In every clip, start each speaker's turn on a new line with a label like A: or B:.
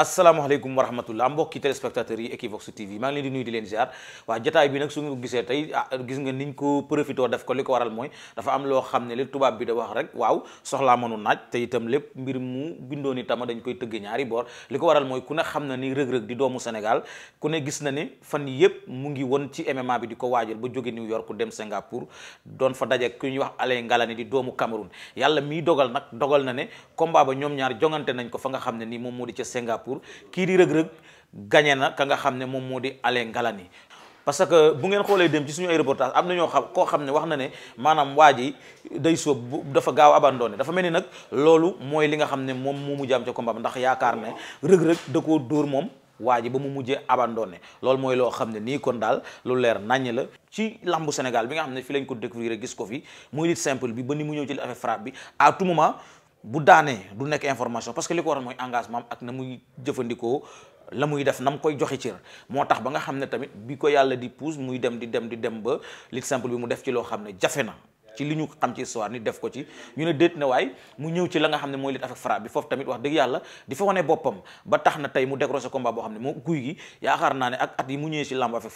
A: asalaamaaleykum wa rahmatullah mbokki téléspectateurs yi Equivox TV maa ngi leen di nuyu di leen ziar waa jotaay bi nag su nga ko gisee tey ah gis nga niñ ko profité def ko li ko waral mooy dafa am loo xam ne li tubaab bi da wax rek waaw soxlaa mënu naaj te itam lépp mbir mu bindoon itam dañ koy tëgg ñaari boor li ko waral mooy ku ne xam na ni rëg-rëg di doomu Sénégal ku ne gis na ne fan yëpp mu ngi woon ci MMA bi di ko waajal ba jóge New York dem Singapour doon fa daje ku ñuy wax Alain Ngalani di doomu Cameroun yàlla miy dogal nag dogal na ne combat ba ñoom ñaar jongante nañ ko fa nga xam ne ni moom moo di ca parcours kii di rëg-rëg gañe na ka nga xam ne moom moo di Alain Ngalani parce que bu ngeen xoolee dem ci suñu ay reportage am na ñoo xam koo xam ne wax na ne maanaam waa ji day sóob dafa gaaw abandonné dafa mel ni nag loolu mooy li nga xam ne moom moo mujj am ca ndax yaakaar ne rëg-rëg da koo dóor moom waa ba mu mujjee abandonné loolu mooy loo xam ne nii kon daal lu leer naññ la ci lambu Sénégal bi nga xam ne fi lañ ko découvrir gis ko fi muy lutte simple bi ba ni mu ñëw ci affaire frappe bi à tout bu daanee du nekk information parce que li ko waral mooy engagement ak na muy jëfandikoo la muy def na mu koy joxe cër moo tax ba nga xam ne tamit bi ko yàlla di pousse muy dem di dem di dem ba lit simple bi mu def ci loo xam ne jafe na ci li ñu xam ci histoire ni def ko ci ñu ne déet na waay mu ñëw ci la nga xam ne mooy lit avec Fra bi foofu tamit wax dëgg yàlla di fa wane boppam ba tax na tey mu décroché combat boo xam ne moo guy gi yaakaar naa ne ak at yi mu ñëwee ci lamb avec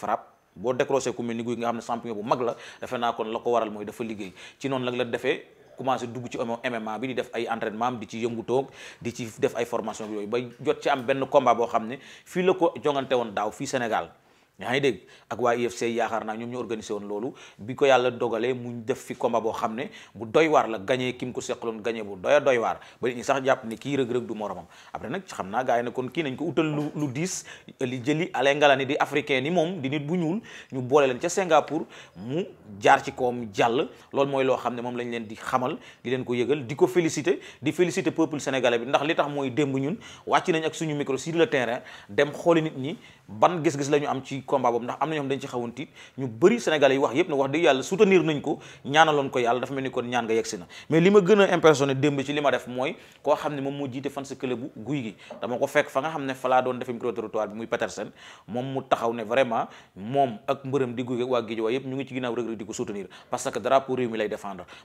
A: boo décroché ku nga xam ne champion bu mag la defe kon la ko waral mooy dafa liggéey ci noonu nag la defee commencé dugg ci MMA bi di def ay entraînement am di ci yëngu di ci def ay formation bi yooyu ba jot ci am benn combat boo xam ne fii la ko jongante woon daaw fii Sénégal yaa ngi dégg ak waa UFC yaakaar naa ñoom ñu organisé woon loolu bi ko yàlla dogalee mu def fi combat boo xam ne bu doy waar la gagné kim ko seqaloon gagné bu doy doy waar ba nit ñi sax jàpp ne kii rëg-rëg du moromam après nag xam naa gars yi ne kon kii nañ ko utal lu lu diis li jëli Alain Ngalani di africain ni moom di nit bu ñuul ñu boole leen ca Singapour mu jaar ci koom jàll loolu mooy loo xam ne moom lañ leen di xamal di leen ko yëgal di ko féliciter di féliciter peuple sénégalais bi ndax li tax mooy démb ñun wàcc nañ ak suñu micro sur le terrain dem nit ñi ban gis-gis la combat boobu ndax am na ñoo xam dañ ci xawoon ñu bëri sénégalais yi wax yépp ne wax dëgg yàlla soutenir nañ ko ñaanaloon ko yàlla dafa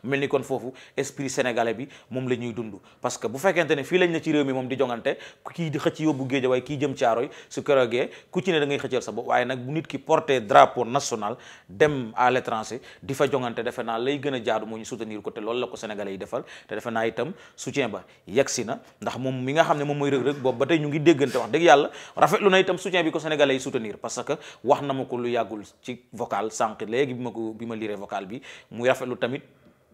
A: mel ni kon foofu esprit sénégalais bi moom la ñuy parce que bu fekkente ne fii lañ na ci réew mi moom di jongante kii di xëcc yóbbu Guédiawaye kii jëm Caaroy su kërogee ku ci ne da xëccal sa bopp waaye nag bu nit ki porté drapeau national dem à l'étranger di fa jongante defe naa lay gën a jaadu moo ñu soutenir ko te loolu la ko sénégalais yi defal te defe naa itam soutien ba yegsi na ndax moom mi nga xam ne moom mooy rëg-rëg boobu ba tey ñu ngi déggante wax dëgg yàlla rafetlu na itam soutien bi ko sénégalais yi soutenir parce que wax na ma ko lu yàggul ci vocal sànq léegi bi ma ko bi ma lire vocal bi muy rafetlu tamit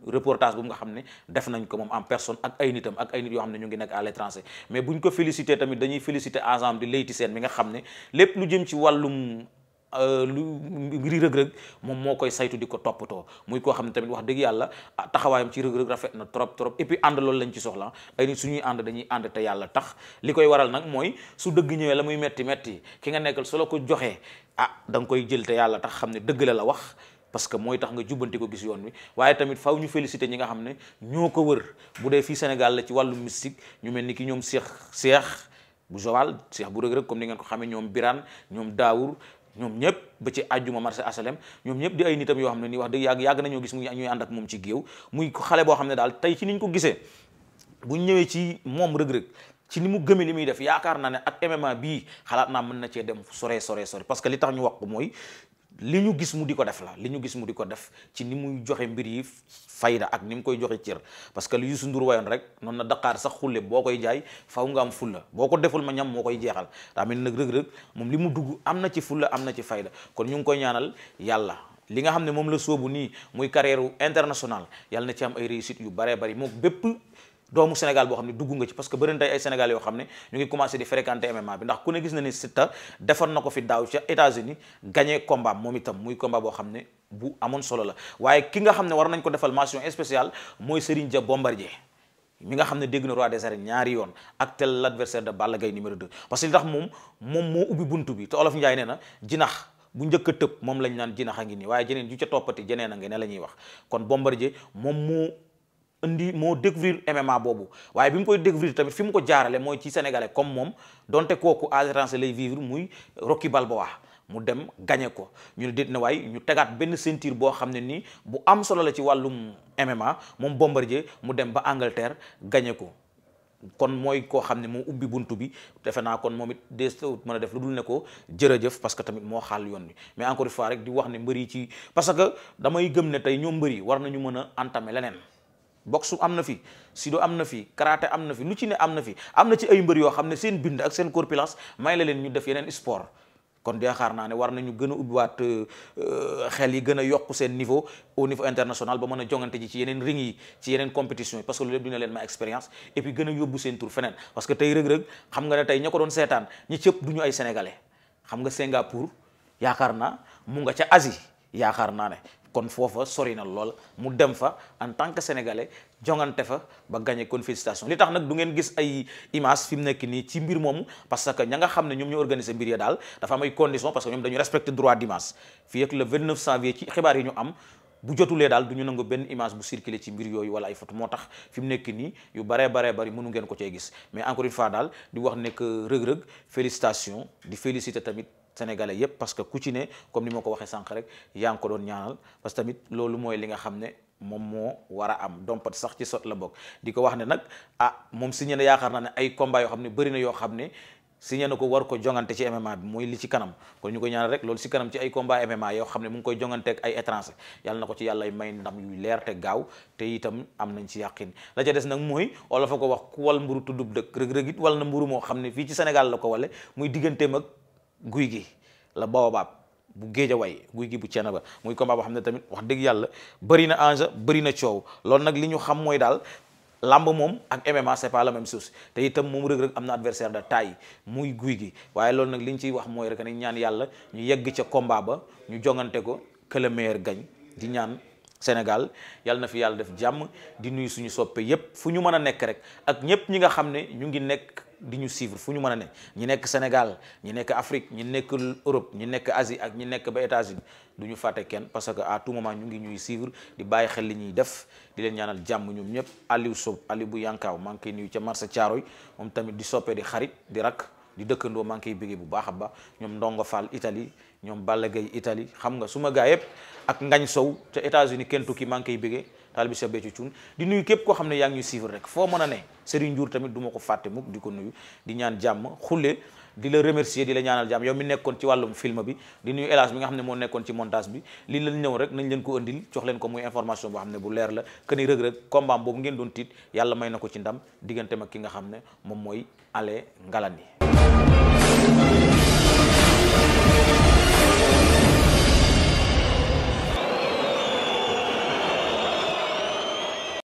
A: reportage bu nga xam ne def nañ ko moom en personne ak ay nitam ak ay nit yoo xam ne ñu ngi nekk à l'étranger mais buñ ko féliciter tamit dañuy féliciter ensemble di Leyti Sène mi nga xam ne lépp lu jëm ci wàllum euh, lu mbiri rëg-rëg moom moo koy saytu di ko toppatoo muy koo xam ne tamit wax dëgg yàlla ah, taxawaayam ci rëg-rëg rafet na trop trop et puis ànd loolu lañ ci soxla ay nit suñuy ànd dañuy ànd te yàlla tax li koy waral nag mooy su dëgg ñëwee la muy metti metti ki nga nekkal su la ko joxee ah da koy jël te yàlla tax xam ne dëgg la la wax parce que mooy tax nga jubbanti ko gis yoon wi waaye tamit faaw ñu féliciter ñi nga xam ne ñoo ko wër bu dee fii Sénégal la ci wàllu mystique ñu mel ni ki ñoom Cheikh seex bu Joal seex bu Reug Reug comme ni ngeen ko xamee ñoom Birane ñoom Daawur ñoom ñëpp ba ci àjjuma marché asalem ñoom ñëpp ay nitam yoo xam ne nii wax dëgg yàgg yàgg nañoo gis mu ak moom ci géew muy xale xam ne daal tey ci niñ ko gisee bu ñëwee ci moom Reug Reug ci ni mu gëmee li muy def yaakaar naa ne ak MMA bii xalaat naa mën na cee dem sore sore sore parce que li tax ñu wax ko mooy li ñu gis mu di ko def la li ñu gis mu di ko def ci ni muy joxe mbir yi fayda ak ni mu koy joxe cër parce que li Youssou Ndour wayoon rek noonu na Dakar sax xulle boo koy jaay faw nga am fulla boo ko deful ma ñam moo koy jeexal tamit mel nag rëg-rëg moom li mu dugg am na ci fulla am na ci fayda kon ñu ngi ko ñaanal yàlla li nga xam ne moom la soobu nii muy carrière international yàlla na ci am ay réussite yu baree bari moom bépp doomu Sénégal boo xam ne dugg nga ci parce que bëri tey ay Sénégal yoo xam ne ñu ngi commencé di fréquenter MMA bi ndax ku ne gis na ni Siteu defoon na ko fi daaw ca États-Unis gagné combat moom itam muy combat boo xam ne bu amoon solo la waaye ki nga xam ne war nañ ko defal mention spéciale mooy Serigne Dia Bombardier mi nga xam ne dégg na roi des arènes ñaari yoon ak tel l'adversaire de Balla Gaye numéro 2 parce que li tax moom moo ubbi buntu bi te olof Njaay nee na bu njëkk a moom lañ naan jinax a ngi nii waaye jeneen ju ca toppati jeneen a ngi ne la ñuy wax kon indi moo découvrir MMA boobu waaye bi mu koy découvrir tamit fi mu ko jaarale mooy ci sénégalais comme moom donte kooku à lay vivre muy Rocky Balboa mu dem gagné ko ñu ne déet na waay ñu tegaat benn ceinture boo xam ne nii bu am solo la ci wàllum MMA moom Bombardier mu dem ba Angleterre gagné ko kon mooy koo xam ne moo ubbi buntu bi defe naa kon moom it des mën a def lu dul ne ko jërëjëf parce que tamit moo xaal yoon bi mais encore une fois rek di wax ne mbër yi ci parce que damay gëm ne tey ñoom mbër yi war nañu mën a entamer leneen. boxe am na fi sido am na fi karaté am na fi lu ci ne am na fi am na ci ay mbër yoo xam ne seen bind ak seen corpulence may la leen ñu def yeneen sport kon yaakaar naa ne war nañu gën a ubbiwaat euh, xel yi gën a yokk seen niveau au niveau international ba mën a jongante ji ci yeneen ring yi ci yeneen compétition yi parce que loolu lépp dina leen ma expérience et puis gën a yóbbu seen tur feneen parce que tey rëg-rëg xam nga ne tey ña ko doon seetaan ñi cëpp du ñu ay sénégalais xam nga Singapour yaakaar naa mu nga ca Asie yaakaar naa ne kon foofa sori na lool mu dem fa en tant que sénégale jongante fa ba gagné kon félicitations li tax nag du ngeen gis ay image fi mu nekk nii ci mbir moomu parce que ña nga xam ne ñoom ñoo organisé mbir ya daal dafa am ay conditions parce que ñoom dañu respecté droit d'image fii ak le 29 janvier ci xibaar yi ñu am. bu jotulee daal du ñu nangu benn image bu circulé ci mbir yooyu wala ay photo moo tax fi mu nekk nii yu baree baree bari mënu ngeen ko cee gis mais encore une fois daal di wax nekk rëg-rëg félicitation di féliciter tamit sénégalais yépp parce que ku ci ne comme ni ma ko waxee sànq rek yaa ngi ko doon ñaanal parce que tamit loolu mooy li nga xam ne moom moo war a am dompat sax ci sot la bokk di ko wax ne nag ah moom signé na yaakaar naa ne ay combat yoo xam ne bëri na yoo xam ne signé na ko war ko jongante ci MMA bi li ci kanam kon ñu ko ñaanal rek loolu si kanam ci ay comba MMA yoo xam ne mu ngi koy jongante ak ay étranger yàlla na ko ci yàlla may ndam yu leerte gaaw te itam am nañ ci yàqin la ca des nag mooy wala fa ko wax ku wal mburu tuddub dëkk rëg-rëg it wal na mburu moo xam ne fii ci Sénégal la ko wale muy digganteem ak guy gi la baobab bu way guy gi bu ceena ba muy combat boo xam ne tamit wax dëgg yàlla bëri na enjeu bëri na coow loolu nag li ñu xam mooy daal lamb moom ak MMA c'est pas la même chose te itam moom rëg-rëg am na adversaire de taille muy guy gi waaye loolu nag li ñu ciy wax mooy rek ne ñaan yàlla ñu yegg ca kombaa ba ñu jongante ko que le di ñaan Sénégal yàlla na fi yàlla def jàmm di nuyu suñu soppe yépp fu ñu mën a nekk rek ak ñépp ñi nga xam ne ngi nekk di ñu suivre fu ñu mën a ne ñi nekk Sénégal ñi nekk Afrique ñi nekk Europe ñi nekk asi ak ñi nekk ba États-Unis du ñu fàtte kenn parce que à tout moment ñu ngi ñuy suivre di bàyyi xel li ñuy def di leen ñaanal jàmm ñoom ñëpp Aliou Sow Aliou bu Yankaaw maa ngi koy ca marché Thiaroy moom tamit di soppee di xarit di rak di dëkkandoo maa ngi koy bu baax a baax ñoom Ndongo Fall Italie ñoom Balla Gaye itali xam nga suma ma gaa yëpp ak Ngañ Sow te États-Unis Kentucky maa ngi koy bëggee taal bi sa cun di nuyu képp koo xam ne yaa ngi ñu suivre rek foo mën a ne Serigne Ndiour tamit duma ko fàtte mukk di ko nuyu di ñaan jàmm xulle di la remercier di la ñaanal jàmm yow mi nekkoon ci wàllum film bi di nuyu élage bi nga xam ne moo nekkoon ci montage bi li lañ ñëw rek nañ leen ko andil jox ko muy information boo xam ne bu leer la que ni rëg-rëg combat boobu ngeen doon tiit yàlla may na ko ci ndam diggante mag ki nga xam ne moom mooy Allé Ngalani